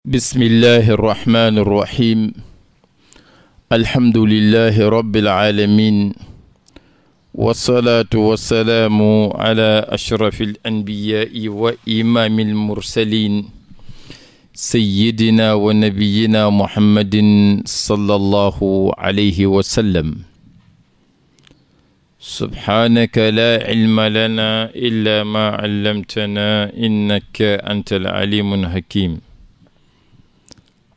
bismillahi irrahmani irrahim alhamdulilahi rabiilalamin walsalaatu wassalaamu ala ashrafi alanbiyaai wa imaami almursalin sayidina wa nabiyina muhammadin sallallahu alayhi wa sallam subhaanaka laa cilma lanaa illa maa callamtanaa innaka anta alcalimu alhakim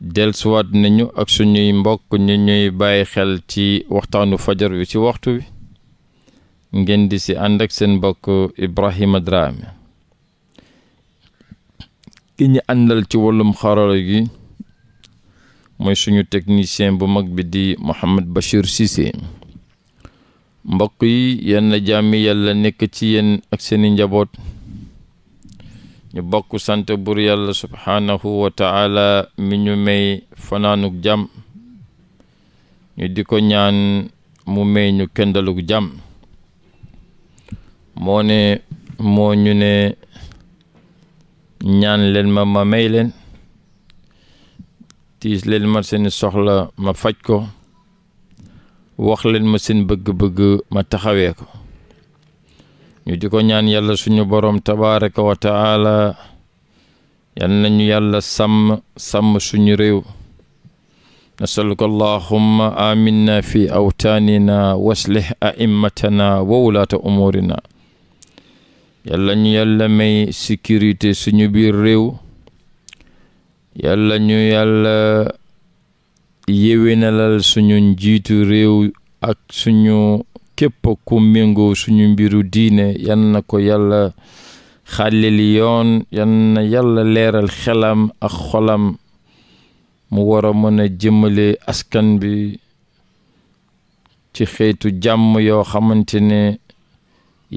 delsuwaat nañu ak suñuy mbokk ñu ñuy bàyyi xel ci waxtaanu fajar wi ci waxtu wi ngeen di si ànd ak seen mbokk Ibrahima Drame ki àndal ci wàllum xarala gi mooy suñu technicien bu mag bi di Mohamed Bachir Cissé mbokk yi yenn jaami yàlla nekk ci yéen ak seeni njaboot ñu bokk sant bur yàlla subhaanahu wa mi ñu may fanaanuk jàmm ñu di ko ñaan mu may ñu kendaluk jàmm moo ne moo ñu ne ñaan leen ma ma may leen tiis leen ma seeni soxla ma faj ko wax leen ma seen bëgg-bëgg ma taxawee ko ñu di ko ñaan yàlla suñu borom tabaraka wa taala yal nañu yàlla sàmm sàmm suñu réew nasaluka allahumma aminna fi awtaanina waslih aimmatana wa wulaata umuurina yàlla ñu yàlla may sécurité suñu biir réew yàlla ñu yàlla yéwénalal suñu njiitu réew ak suñu képp ku méngoo suñu mbiru diine yan na ko yàlla xàllili yoon yan na yàlla leeral xelam ak xolam mu wara mën a jëmale askan bi ci xeetu jàmm yoo xamante ne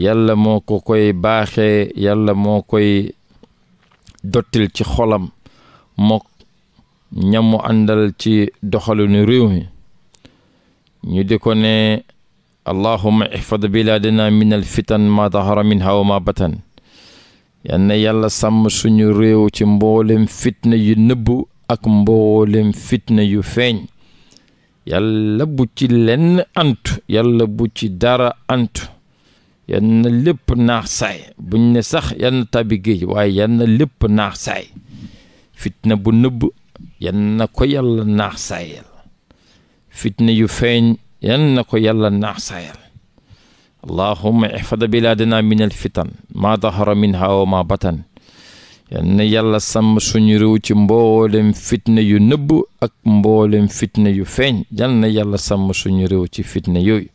yàlla moo ko koy baaxee yàlla moo koy dottil ci xolam mook ñamu àndal ci doxalinu réew mi ñu di ko ne allahuma ihfad bilaadana min al fitan ma dahara minha wa ma batan yal yàlla sàmm suñu réew ci mboolem fitna yu nëbbu ak mboolem fitna yu feeñ yàlla bu ci lenn antu yàlla bu ci dara ant yal na lépp naax saay buñ ne sax yan na tàbbi géej waaye yal na lépp naax saay fitna bu nëbb yal na ko yàlla naax saayal fitna yu feeñ yan na ko yàlla naasaayal allahuma ihfad bilaadana min al fitan maa dahara minha wa maa batan yan na yàlla sàmm suñu réew ci mboolem fitna yu nëbb ak mboolem fitna yu feeñ yan na yàlla sàmm suñu réew ci fitna yooyu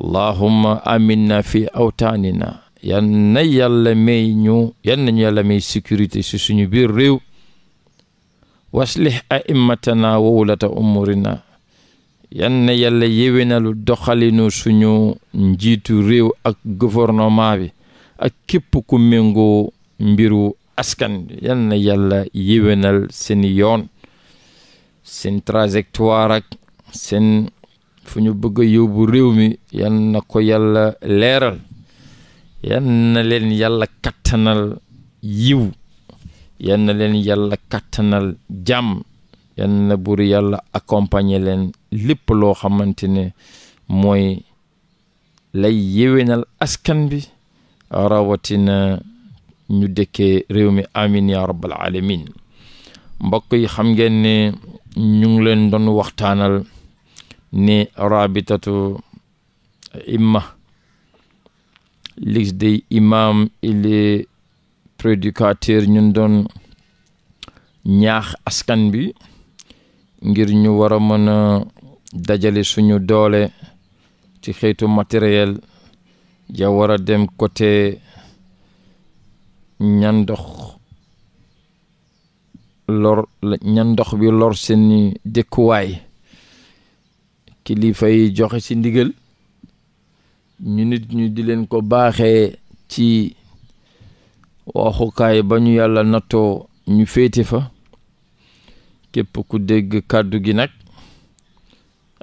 allahuma aminna fi awtaanina yan na yàlla may ñu yan nañu yàlla may sécurité si suñu biir réew waslih aimatana wa wulata umurina yan na yàlla yéwénalu doxalinu suñu njiitu réew ak gouvernement bi ak képp ku méngoo mbiru askan bi yan na yàlla yéwénal seen yoon seen trajectoire ak seen fu ñu bëgg a yóbbu réew mi yan na ko yàlla leeral yan leen yàlla kattanal yiw yan leen yàlla kattanal jàmm yal na buur yàlla accompagner leen lépp loo xamante ne mooy lay yéwénal askan bi rawatina ñu dëkkee réew mi amin ya rabbal alamin mbokk yi xam ngeen ni ñu ngi leen doon waxtaanal ni rabitatu imma ligue des imam il prédicateur ñun doon ñaax askan bi ngir ñu war a mën a dajale suñu doole ci xeetu matériel ya war a dem côté ñan ndox lor ñan ndox bi lor seeni dëkkuwaay kilifa yi joxe ci ndigal ñu nit ñu di leen ko baaxee ci waxukaay ba ñu yàlla nattoo ñu féete fa képp ku dégg kàddu gi nag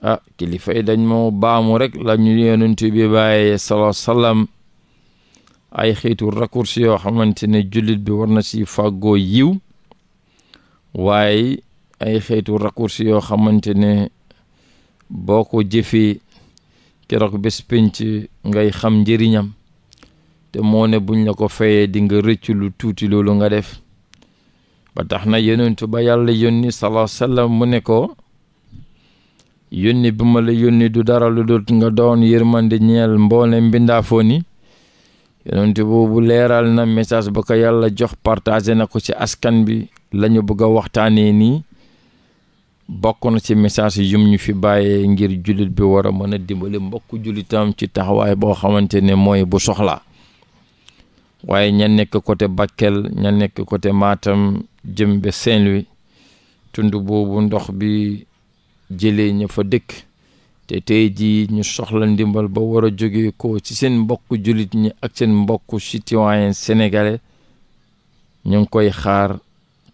ah kilifa yi dañ moo baamu rek la ñu yonent bi bàyyee salaa salaam ay xeetu raccourci yoo xamante ne jullit bi war na si fàggoo yiw waaye ay xeetu raccourci yoo xamante ne boo ko jëfee keroog bés pénc ngay xam njëriñam te moo ne buñ la ko fayee dinga nga rëcc lu tuuti loolu nga def ba tax na tu ba yàlla yónni salaa sallam mu ne ko yónni bi ma la yónni du dara lu dul nga doon yërmande ñeel mboole mbindaafoo ni yonentu bu leeral na message ba ko yàlla jox partagé na ko ci askan bi lañu bëgg a waxtaanee nii bokk na ci message yum ñu fi bàyyee ngir jullit bi war a mën a dimbali mbokk jullitam ci taxawaay boo xamante ne mooy bu soxla waaye ña nekk côté Bakel ña nekk côté Matam jëm ba Saint-Louis tund boobu ndox bi jële ña fa dëkk te tey ji ñu soxla ndimbal ba war a jóge ko ci seen mbokk jullit ñi ak seen mbokku citoyen sénégalais ñu ngi koy xaar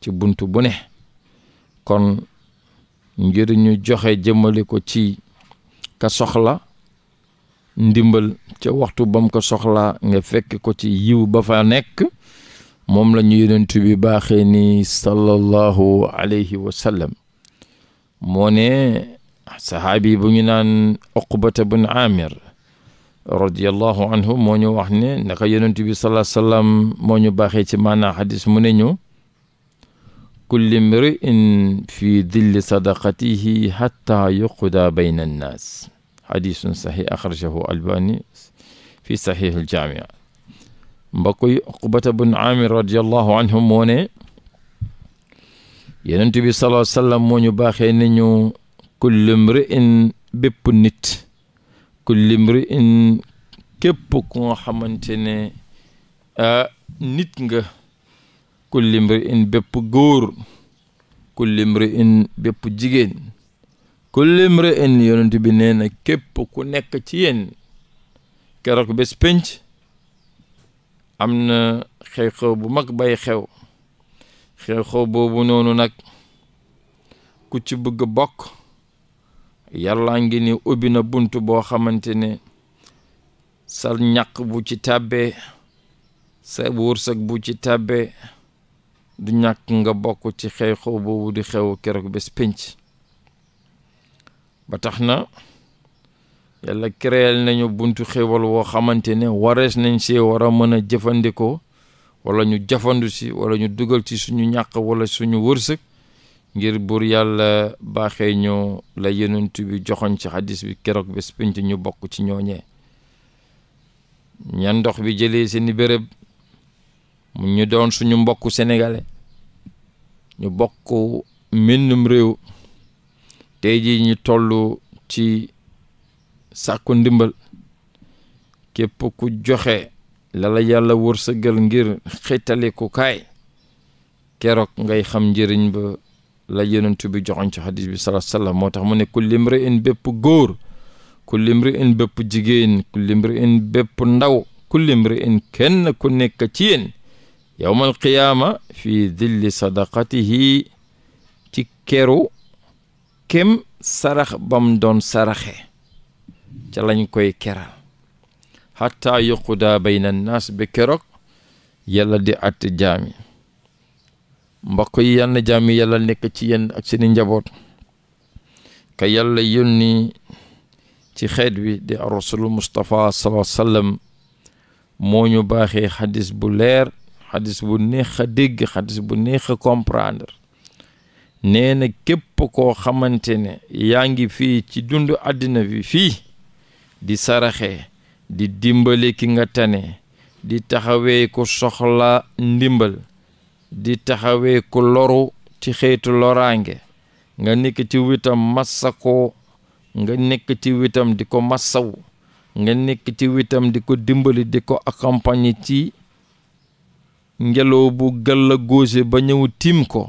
ci bunt bu ne kon ngir ñu joxe jëmale ko ci ka soxla ndimbal ca waxtu bam ko soxlaa nga fekk ko ci yiw ba fa nekk moom la ñu yonent bi baaxee ni sallallahu alayhi wa sallam moo ne sahaabi bu ñu naan oqbata bun amir radiallahu anhu moo ñu wax ne naka yonent bi sallallahu sallam moo ñu baaxee ci maanaa xadis mu ne ñu kulli mri'in fi dilli sadaqatihi hatta yuqda bayna annaas xadisun saxix axrajahu albani fi saxixul jaamia mbokk yi uqbata bun amir radiallahu anhu moo ne yenent bi sallallahu alayhi ñu baaxee ne ñu kullu mri'in bépp nit kullu mri'in képp ku nga xamante ne nit nga kullu mri'in bépp góor kullu mri'in bépp jigéen kullu mri'in yonent bi nee na képp ku nekk ci yéen keroog bés am na xew-xew bu mag bay xew xew-xew boobu noonu nag ku ci bëgg bokk yàllaa ngi ni ubbi na bunt boo xamante ne sa ñaq bu ci tàbbee sa wërsëg bu ci tàbbee du ñàkk nga bokk ci xew-xew boobu di xew keroog bés pénc ba tax na yàlla créel nañu buntu xewal woo xamante ne warees nañ see war a mën a jëfandikoo wala ñu jafandu si wala ñu dugal ci suñu ñàq wala suñu wërsëg ngir buur yàlla baaxee ñu la yenent bi joxoñ ci xadis bi keroog bés pénc ñu bokk ci ñooñee ñan ndox bi jëlee seeni béréb mu ñu doon suñu mbokku sénégalais ñu bokk mennum réew tey ji ñu toll ci sàkku ndimbal képp ku joxe lala yàlla wërsëgal ngir xitaliku kaay keroog ngay xam njëriñ ba la yonent bi joxoñ ci xadis bi sallallahu alayhi moo tax mu ne ku limri in bépp góor ku limri in bépp jigéen ku in bépp ndaw ku in kenn ku nekk ci yéen yowmal qiyaama fii dilli sadaqatihi ci keru kem sarax bam doon saraxe ca lañ koy keral xatta yuqudaa bayna naas bi keroog yàlla di at jaami mbokk yi yàlla na jaami yàlla nekk ci yenn ak seeni njaboot ka yàlla yónni ci xeet bi di rasul Mustapha sallallahu alayhi moo ñu baaxee xadis bu leer xadis bu neex a dégg xadis bu neex a comprendre nee képp koo xamante yaa ngi fii ci dundu àddina bi fii di saraxe di dimbali ki nga tane di taxawee ku soxla ndimbal di taxawee ku loru ci xeetu loraange nga nekk ci witam massa ko nga nekk ci witam di ko massaw nga nekk ci witam di ko dimbali di ko accompagner ci ngelaw bu gàlla góose ba ñëw tiim ko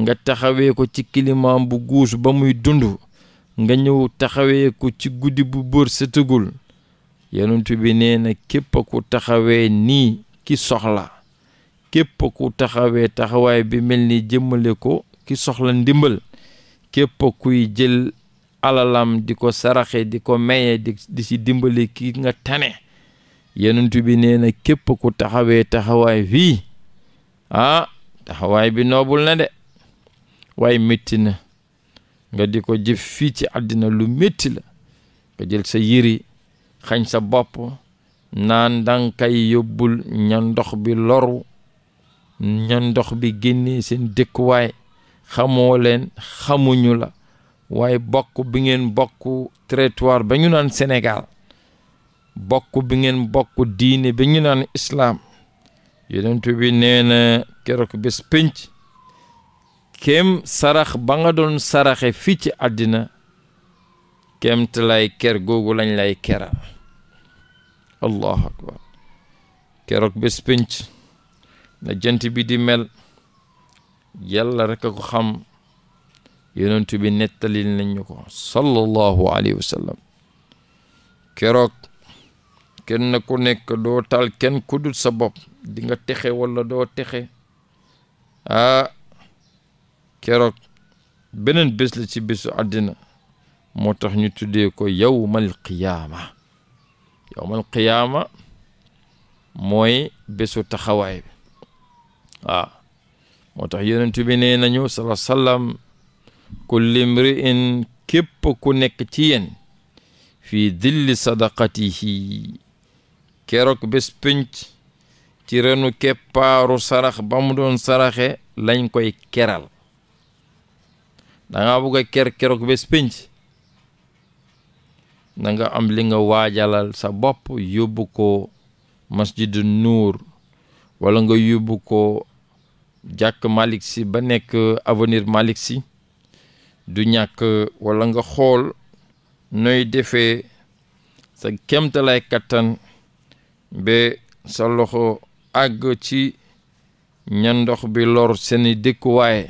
nga taxawee ko ci climat bu guus ba muy dund nga ñëw taxawee ko ci guddi bu bër setagul yonent bi nee na képp ku taxawee nii ki soxla képp ku taxawee taxawaay bi mel ni jëmmale ko ki soxla ndimbal képp kuy jël alalam di ko saraxe di ko maye di si dimbali ki nga tane yonent bi nee na képp ku taxawee taxawaay fii ah taxawaay bi noobul na de waaye métti na nga di ko jëf fii ci àddina lu métti la nga jël sa yëri xañ sa bopp naan danga kay yóbbul ña ndox bi loru ña ndox bi génnee seen dëkkuwaay xamoo leen xamuñu la waaye bokk bi ngeen bokk territoire ba ñu naan Sénégal bokk bi ngeen bokk diine ba ñu naan islaam yonent bi keroog bés pénc kem sarax ba nga doon saraxe fii ci àddina kemt lay ker googu lañ lay keral allahu akbar keroog bés na jant bi di mel yàlla rekk ko xam yonentu bi nettalil nañ ko sallallahu alayhi wa sallam keroog kenn ku nekk doo tal kenn ku dul sa bopp di texe wala doo texe ah keroog beneen bés la ci bésu àddina moo tax ñu tuddee ko yawmal qiyaama yawmal qiyaama mooy bésu taxawaay bi waaw moo tax yonent bi nee nañu sala sallam kulli mri'in képp ku nekk ci yéen fii dilli sadaqatihi keroog bés pénc ci renu keppaaru sarax ba doon saraxe lañ koy keral danga bugg a ker keroog bés pénc na am li nga waajalal sa bopp yóbbu ko masjidu nuur walla nga yóbbu ko jàkk Malick si ba nekk avenir Malick Sy du ñàkk wala nga xool nooy defee sa kemtalaay kattan ba sa loxo àgg ci ña ndox bi lor seeni dëkkuwaay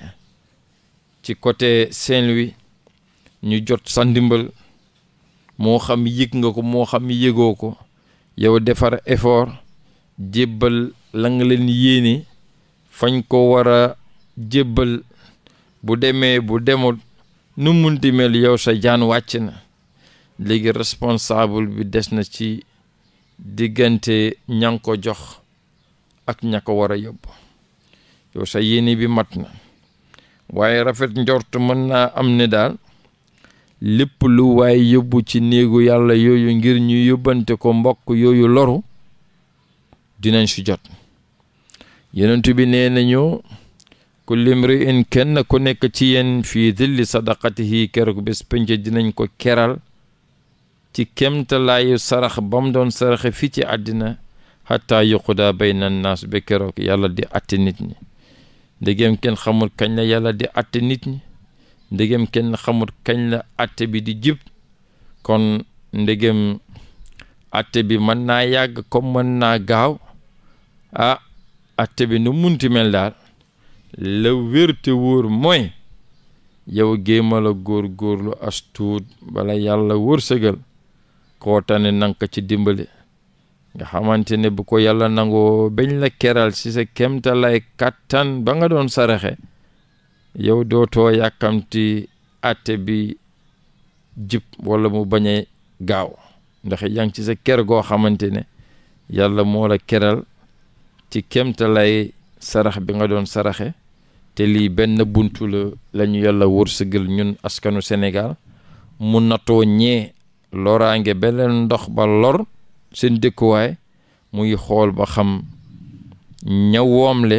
ci côté Saint-Louis ñu jot sa ndimbal moo xam yëg nga ko moo xam yëgoo ko yow defar effort jébbal la nga leen yéene fañ ko war a jébbal bu demee bu demut nu munti mel yow sa jaan wàcc na léegi responsable bi des na ci diggante ña ko jox ak ña ko war a yóbbu yow sa yéene bi mat na waaye rafet njort mën naa am ne daal lépp lu waaye yóbbu ci néegu yàlla yooyu ngir ñuy yóbbante ko mbokk yooyu loru dinañ si jot yonent bi nee nañu kulli mri'in kenn ku nekk ci yenn fii dilli sadaqatihi keroog bés penc dinañ ko keral ci kemtalaayu sarax ba mu doon saraxe fii ci àddina xataa yuqudaa bayna naas ba keroog yàlla di atti nit ñi ndegem kenn xamul kañ la yàlla di atte nit ñi ndegem kenn xamul kañ la atte bi di jib kon ndegem atte bi mën naa yàgg comme mën naa gaaw ah atte bi nu munti mel daal la wér te wóor mooy yow géemal a góor lu astuut bala yàlla wërsëgal koo tane nanka ci dimbali nga xamante ne bu ko yàlla nangoo bañ la keral ci sa kemtalay kàttan ba nga doon saraxe yow dootoo yàkkamti atte bi jib wala mu bañ a gaaw ndax yaa ci sa ker goo xamante ne yàlla moo la keral ci kemtalay sarax bi nga doon saraxe te lii benn buntu la la ñu yàlla gël ñun askanu Sénégal mu natoo ñee loraange beneen ndox ba lor seen dëkkuwaay mu ngi xool ba xam ña woomle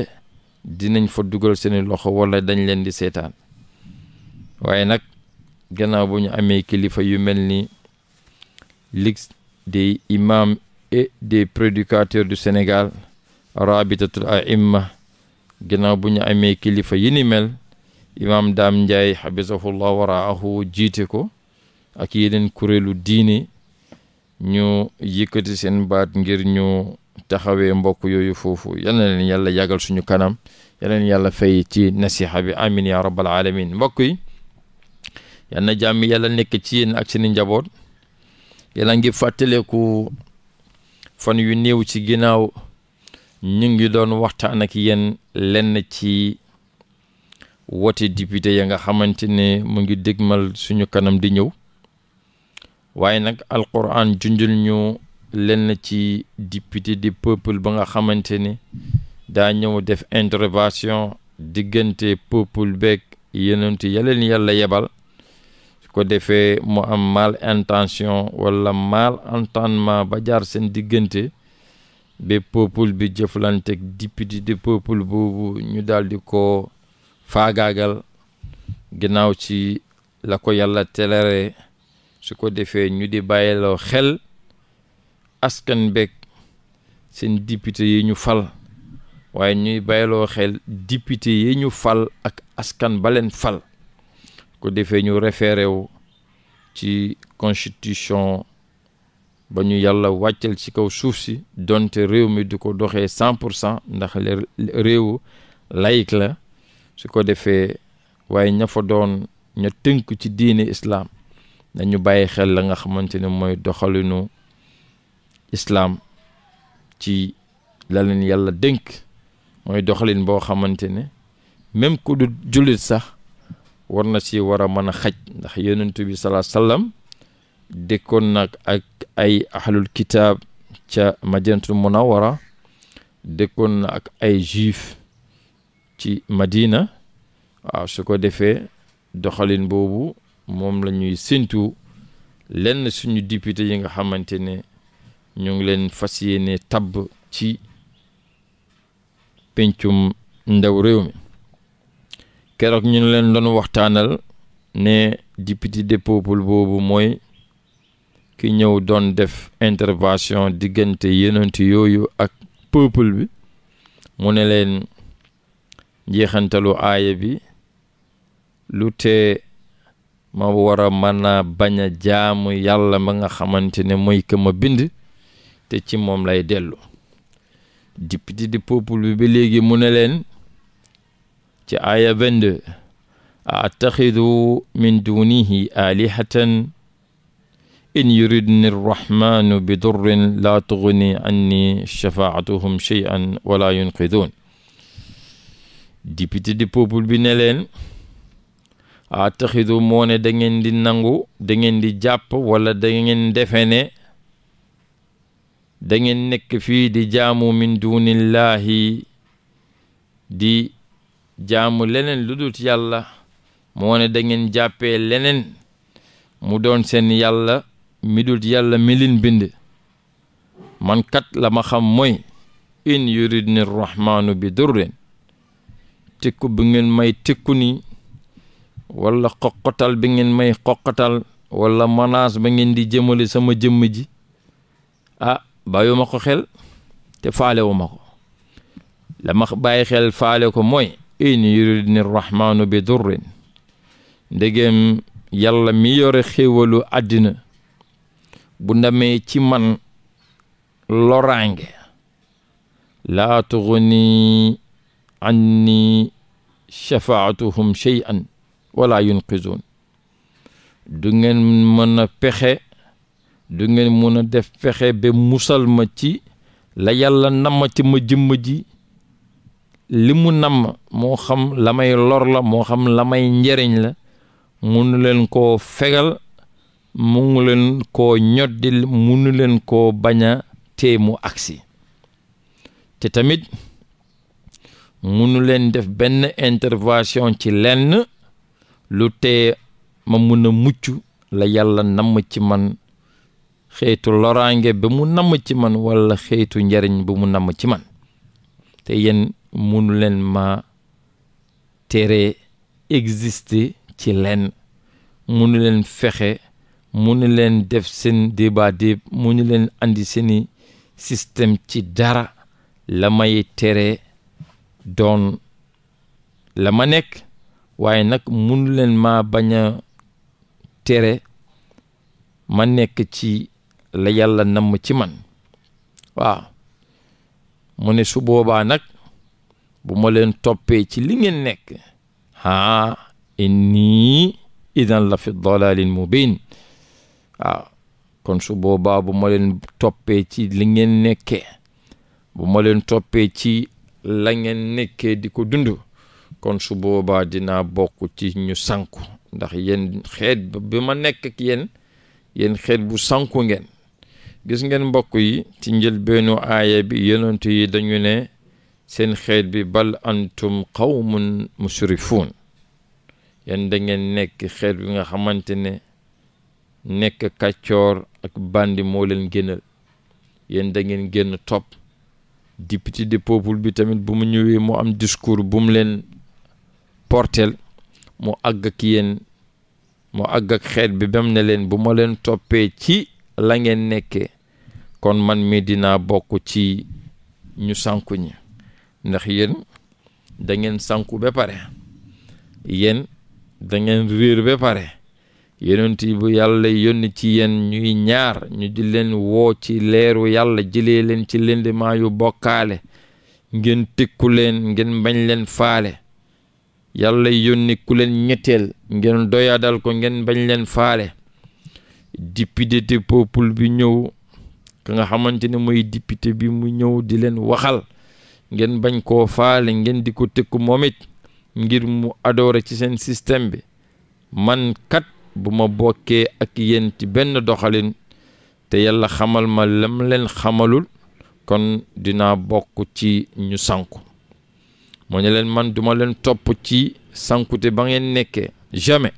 dinañ fa dugal seeni loxo wala dañ leen di seetaan waaye nag gannaaw bu ñu amee kilifa yu mel ni ligue des imams et des prédicateurs du Sénégal rabitatul aimma gannaaw bu ñu amee kilifa yi ni mel imaam Daam Njaay xabisahullah waraahu jiite ko ak yeneen kuréelu diine ñu yëkkati seen baat ngir ñu taxawee mbokk yooyu foofu yal na leen yàlla yàggal suñu kanam yal na leen yàlla fay ci nasiha bi amin ya rabbal alamin mbokk yi yal na jàmm yàlla nekk ci yéen ak seen njaboot yàlla ngi fàttaleeku fan yu néew ci ginnaaw ñu ngi doon waxtaan ak yéen lenn ci wote député ya nga xamante ne mu ngi dégmal suñu kanam di ñëw waaye nag alquran junjul ñu lenn ci député di peuple ba nga xamante ni daa ñëw def intervention diggante peuple beeg yonent ya leen yàlla yebal su ko defee mu am mal intention wala mal entendement ba jaar seen diggante ba peuple bi jëflanteeg député di peuple boobu ñu daal di ko faagaagal ginnaaw ci la ko yàlla telere su ko defee ñu di bàyyiloo xel askan beeg seen député yi ñu fal waaye ñuy bàyyiloo xel député yi ñu fal ak askan baleen leen fal ko defee ñu référé wu ci constitution ba ñu yàlla wàccal ci kaw suuf si donte réew mi du ko doxee cent pour cent ndax réew laïc la su ko defee waaye ña fa doon ña tënk ci diini islaam nañu bàyyi xel la nga xamante ne mooy doxalinu islaam ci la yàlla dénk mooy doxalin boo xamante ne même ku du jullit sax war na si war a mën a xaj ndax yeneen bi salaa sallam dëkkoon nag ak ay ahlul kitaab ca madinatul munawara dëkkoon na ak ay juif ci madina waaw su ko defee doxalin boobu moom la ñuy séntu lenn suñu député yi nga xamante ne ñu ngi leen fas yéene tàbb ci pencum ndaw réew mi keroog ñu ngi leen doon waxtaanal ne député de peuple boobu mooy ki ñëw doon def intervention diggante yenentu yooyu ak peuple bi mu ne leen njeexantalu aaya bi lu tee ma war a mën a bañ a jaamu yàlla ma nga xamante ne mooy que ma bind te ci moom lay dellu député du peuple bi ba léegi mu ne leen ci aaya 22 a attaxidu min dunihi alihatan in yuridni arrahmanu bi durrin laa tugni anni shafaatuhum cheyan wala yunqidun député du peuple bi ne ataxidu moo ne da ngeen di nangu da di jàpp wala da ngeen defe ne da nekk fii di jaamu min dunillahi di jamu leneen lu dut yàlla moo ne da leneen mu doon seen yàlla mi dut yàlla mi leen bind man kat la ma xam mooy in yuridni rahmaanu bi durrin tikku bi may tikku ni wala xoqatal bi ngeen may xoqatal walla menace ba ngeen di jëmale sama jëmm ji ah bàyyiwuma ko xel te faalewuma ko la ma bàyyi xel faale ko mooy in yuridni rahmaanu bi durrin ndegem yàlla mi yore xéewalu àddina bu ndamee ci man loraange laa tuxni anni shafaatuhum shay'an wala yunqizun du ngeen mën a pexe du ngeen mën a def pexe ba musal ma ci la yàlla nama ci ma jëmm ji li mu namm moo xam la may lor la moo xam la may njariñ la munu leen koo fegal munu leen koo ñoddil munu leen koo bañ a tee mu agsi te tamit munu leen def benn intervention ci lenn lu te ma mun a mucc la yàlla namm ci man xeetu loraange ba mu namm ci man wala xeetu njariñ bi mu namm ci man te yenn munu leen ma tere exister ci leen munu leen fexe munu leen def seen débat déeb munu leen andi seeni sistem ci dara la may tere doon la ma nekk waaye nag munu leen maa bañ a tere ma nekk ci la yàlla namm ci man waaw mu ne su boobaa nag bu ma leen toppee ci li ngeen nekk haa inni idan la fi dalalin mubin waaw kon su bu ma leen toppee ci li ngeen nekkee bu ma leen toppee ci la ngeen nekkee di ko dund kon su boobaa dinaa bokk ci ñu sanku ndax yéen xeet bi ma nekk yenn yéen xeet bu sanku ngeen gis ngeen mbokk yi ci njëlbeenu aaya bi yonent yi dañu ne seen xeet bi bal antum qawmun musrifuun yéen da dangeen nekk xeet bi nga xamante ne nekk kàccoor ak bandi moo leen génnal yéen da ngeen génn topp député de peuple bi tamit bu mu ñëwee mu am discours bu mu leen porteel mu àgg ak yéen mu àgg ak xeet bi bam na leen bu ma leen toppee ci la ngeen nekkee kon man mi dina bokk ci ñu sànku ñi ndax yéen dangeen ngeen ba pare yéen dangeen ngeen réer ba pare yonent yi bu yàlla yónni ci yéen ñuy ñaar ñu di leen woo ci leeru yàlla jëlee leen ci lëndëmaa yu bokkaale ngeen tekku leen ngeen bañ leen faale yàlla yónni ku leen ñetteel ngeen doyadal ko ngeen bañ leen faale député peuple bi ñëw ka nga xamante ne mooy député bi mu ñëw di leen waxal ngeen bañ koo faale ngeen di ko tëkk moomit ngir mu adoore ci seen système bi man kat bu ma bokkee ak yéen ci benn doxalin te yàlla xamal ma lam leen xamalul kon dinaa bokk ci ñu sanku moo ne leen man duma leen topp ci sankute ba ngeen nekkee jamais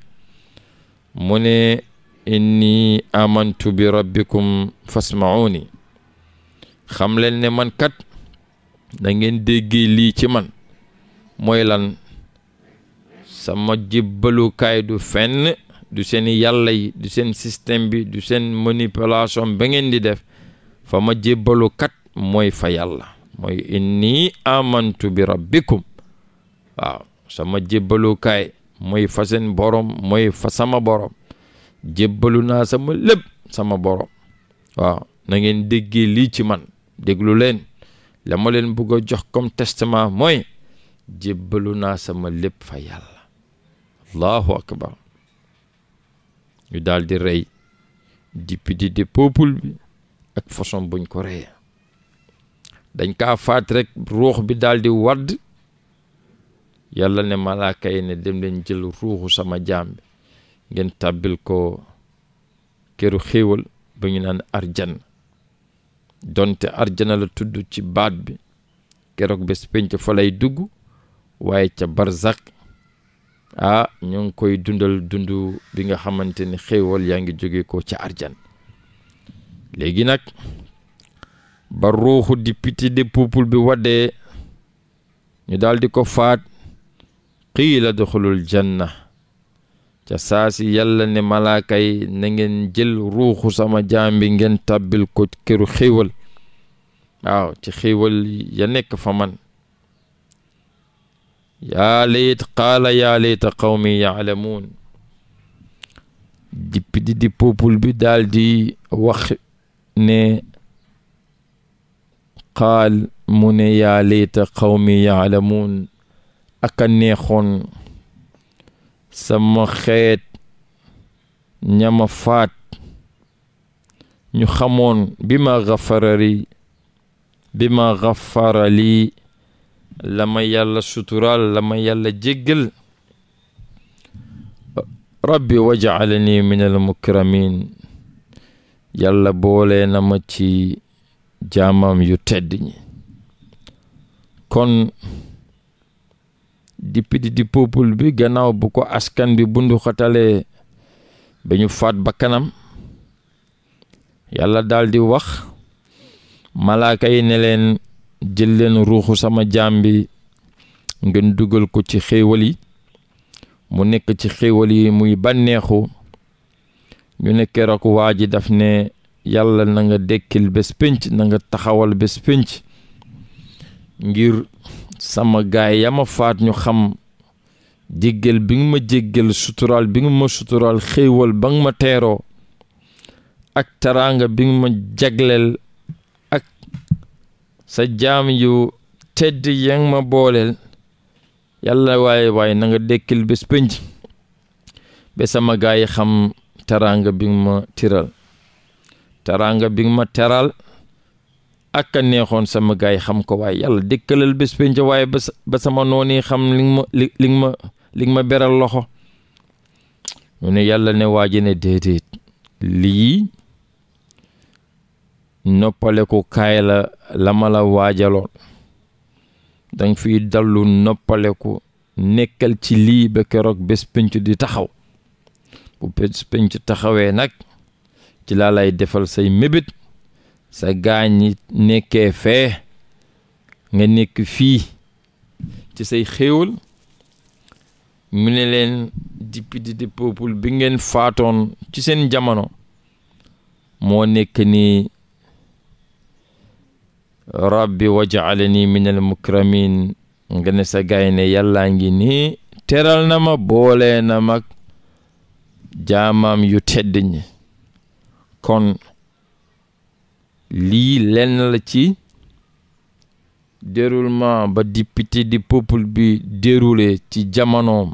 mu ne inni amantu bi rabbikum fasma fasmauni xam leen ne man kat da déggee lii ci man mooy lan sama jébbalukaay du fenn du seen yàlla yi du seen système bi du seen manipulation ba ngeen di def fa ma jébbalu kat mooy fa yàlla mooy inni amantu bi rabbikum waaw sama jébbalukaay mooy fa seen borom mooy fa sama borom jébbalu naa sama lépp sama borom waaw nangeen ngeen déggee lii ci man déglu leen la ma leen bëgg a jox comme testament mooy jébbalu naa sama lépp fa yàlla allahu akbar ñu daal di rey député de peuple bi ak façon buñ ko reyee dañ kaa faat rek ruux bi daal di wadd yàlla ne malaaka yi ne dem leen jël ruuxu sama jaam bi ngeen tàbbil ko këru xéewal ba ñu naan arjana donte arjana la tudd ci baat bi keroog bés penc fa dugg waaye ca barzak ah ñu ngi koy dundal dund bi nga xamante ni xéewal yaa ngi jóge ko ca arjan léegi nag ba ruuxu député de bi waddee ñu daldi ko faat qiila duxulul janna ca saasi yalla ne malakay yi na ngeen jël ruuxu sama jaam bi ngeen tàbbil ko këru xéewal waaw ci xéewal ya nekk fa man yaa layt qaala yaa layta qawmi yaalamuun député di bi daldi wax ne qaal mu ne yaa leyta qawmi yaalamuun aka neexoon sama xeet ñama faat ñu xamoon bi ma gafarali bi ma gafarali la ma yàlla suturaal la ma yàlla jéggal rabbi waj'alni min al mukramin yàlla boole na ma ci jaamam yu tedd ñi kon député di peuple bi gannaaw bu ko askan bi bundu xatalee ba ñu faat kanam yàlla daldi wax malaaka yi ne leen jël leen ruuxu sama jaam bi ngeen dugal ko ci xéewal yi mu nekk ci xéewal yi muy bànneexu ñu ne keroog waa ji daf ne yàlla nanga nga dekkil bés pénc na taxawal bés pénc ngir sama gaay ya ma faat ñu xam jéggal bi nga ma jéggal suturaal bi nga ma suturaal xéewal ba nga ma teeroo ak taraanga bi nga ma jagleel ak sa jaam yu tedd ya nga ma booleel yàlla waaye waaye nanga dekkil bés pénc ba sama gaay yi xam taraanga bi nga ma tiral teraanga bi nga ma teral ak a neexoon sama gaay xam ko waaye yàlla dëkkalal bés penc waaye ba sama noonu xam li nga ma li nga ma beral loxo mu ne yàlla ne waaj ne déedéet lii noppale ko kaay la la ma la waajaloon danga fi dallu noppaleku nekkal ci lii ba keroog bés penc di taxaw bu bés penc taxawee nag ci laa lay defal say mébét sa gaañi nekkee fee nga nekk fii ci say xéewal mu ne leen député de peuple bi ngeen faatoon ci seen jamono moo nekk ni rabbi waj'alni min al mukramin nga ne sa gaay ne yàllaa ngi nii teral na ma boole na mag jaamam yu tedd ñi kon lii lenn la ci déroulement ba député di peuple bi déroulé ci jamonoom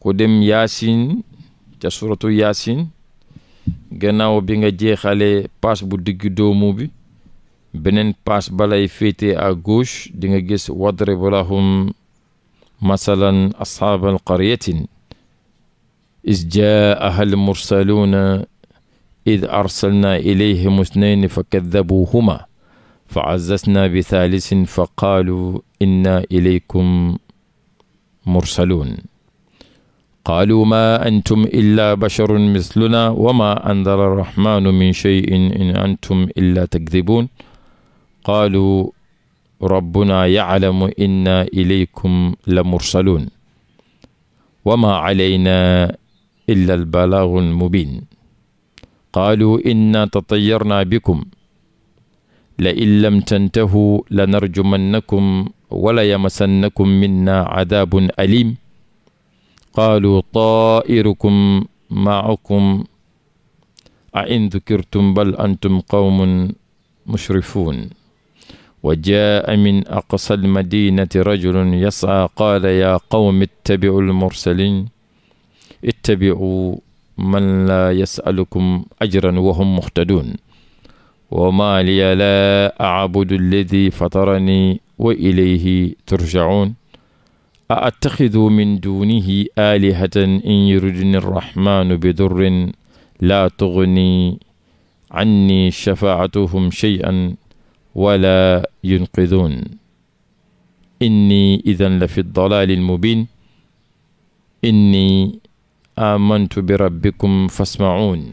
ku dem yaasin ca suratu yaasin gannaaw bi nga jeexalee paas bu digg doomu bi beneen paas balay féete à gauche dinga nga gis wadrib lahum masalan ashaabal qaryatin is jaa ahal mursaluuna id arsalnaa ilayhim usnayni fa kaddabuuhuma fa azzasnaa bi thaalisin fa qaaluu innaa ilaykum mursaluun qaaluu maa antum illaa basharun mislunaa wa maa anzala arrahmaanu min shay'in in antum illaa takdibuun qaaluu rabbunaa yaclamu innaa ilaykum la mursaluun wa maa calaynaa illa albalaagu almubiin qaaluu inna tatayarnaa bikum la in lam tantahu la narjumannakum wala yamasannakum minna cadaabun alim qaaluu taa'irukum maakum a in dukirtum bal antum qawmun mushrifun wa jaa min aqsa almadinati rajulun yas'aa qaala yaa qawmi ittabi'u almursalin ittabi'u man laa yasalukum ajran wa hum muhtadun wa maa liya laa a'budu alladi fatarani wa ilayhi turjaun a attaxidu min dunihi alihatan in yuridni arrahmanu bidurrin laa tugni anni shafaatuhum shay'an wala yunqidun inni idan la fi dalalin mubin inni amantu bi rabbikum fasma'uun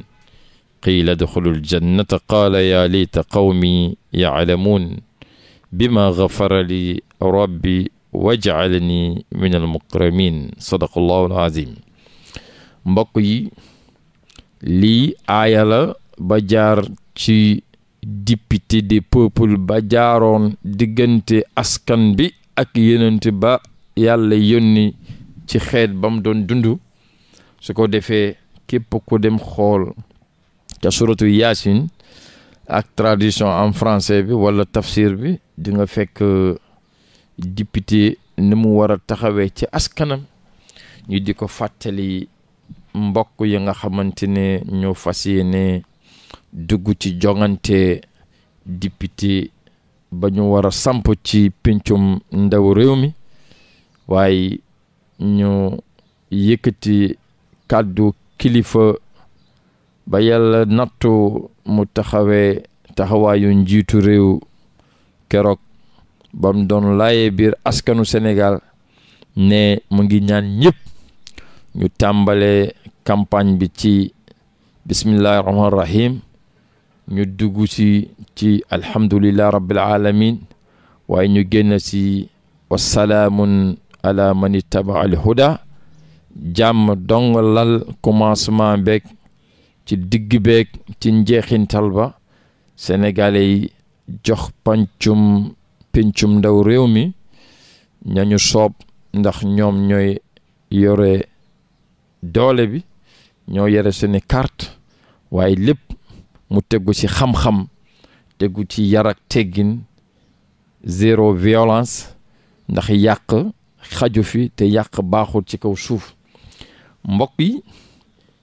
qiila adxulul jannata qaala yaa liita qawmi yaclamuun bimaa gafara li rabbi wajcalani min almukramiin sadaqallahu alazim mbokk yi lii aaya la ba jaar ci député des peuples ba jaaroon diggante askan bi ak yenente ba yàlla yónni ci xeet ba mu doon dund su ko defee képp ku dem xool ca suratu yaasin ak tradition en français bi wala tafsir bi di nga fekk euh, député ni mu war a taxawee ci askanam ñu di ko fàttali mbokk yi nga xamante ne ñoo fas yéene dugg ci joŋante député ba ñu war a samp ci pencum ndaw réew mi waaye ñu yëkkati kàddu kilifa ba yàlla nattu mu taxawee taxawaayu njiitu réew keroog ba mu doon laaye biir askanu Sénégal ne mu ngi ñaan ñëpp ñu tàmbalee campagne bi ci bismillahi rahmaani rahim ñu dugg ci ci alhamdulilah rabbil alamin waaye ñu génn ci wasalaamun ala man ittaba jàmm dong lal commencement beeg ci digg beeg ci njeexintal ba sénégalais yi jox pancum pincum ndaw réew mi ñañu soob ndax ñoom ñooy yore doole bi ñoo yore seeni kart waaye lépp mu tegu ci xam-xam tegu ci yar ak teggin zéro violence ndax yàq xaju fi te yàq baaxul ci kaw suuf mbokk yi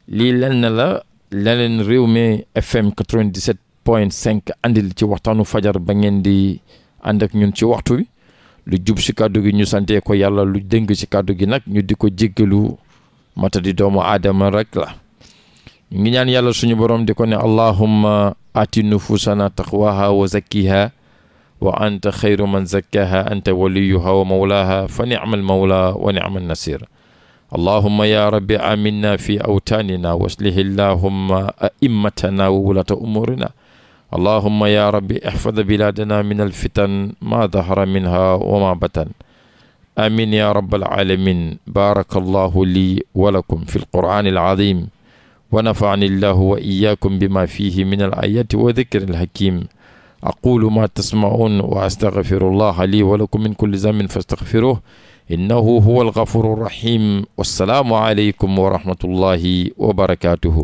lii lenn la leneen réew mi FM 97 point 5 andil ci waxtaanu fajar ba ngeen di ànd ak ñun ci waxtu wi lu jub si kàddu gi ñu santee ko yàlla lu dëng ci kàddu gi nag ñu di ko jéggalu mata di doomu aadama rek la ñu ngi ñaan yàlla suñu borom di ko ne allahumma ati nufusana taqwaha wa zakkiha wa anta xayru man zakkaha anta waliyuha wa mawlaha fa ni'mal mawla wa ni'mal nasir allahuma ya rabbi aminna fi awtaanina wa aslih allahuma aimmatana wa wulata umuurina allahuma ya rabbi ihfad bilaadana min alfitan ma dahara minha wa ma batan amin ya rabbal alamin baraka allahu lii wa lakum fi alqur'ani alazim wa nafa'ani allahu wa iyyakum bima fihi min alayati wa dhikri alhakim aqulu ma tasma'un wa astaghfirullaha lii wa lakum min kulli dhanbin fastaghfiruhu innahu huwa alghafuru rahim wassalaamu aleykum wa rahmatullahi wa barakatuhu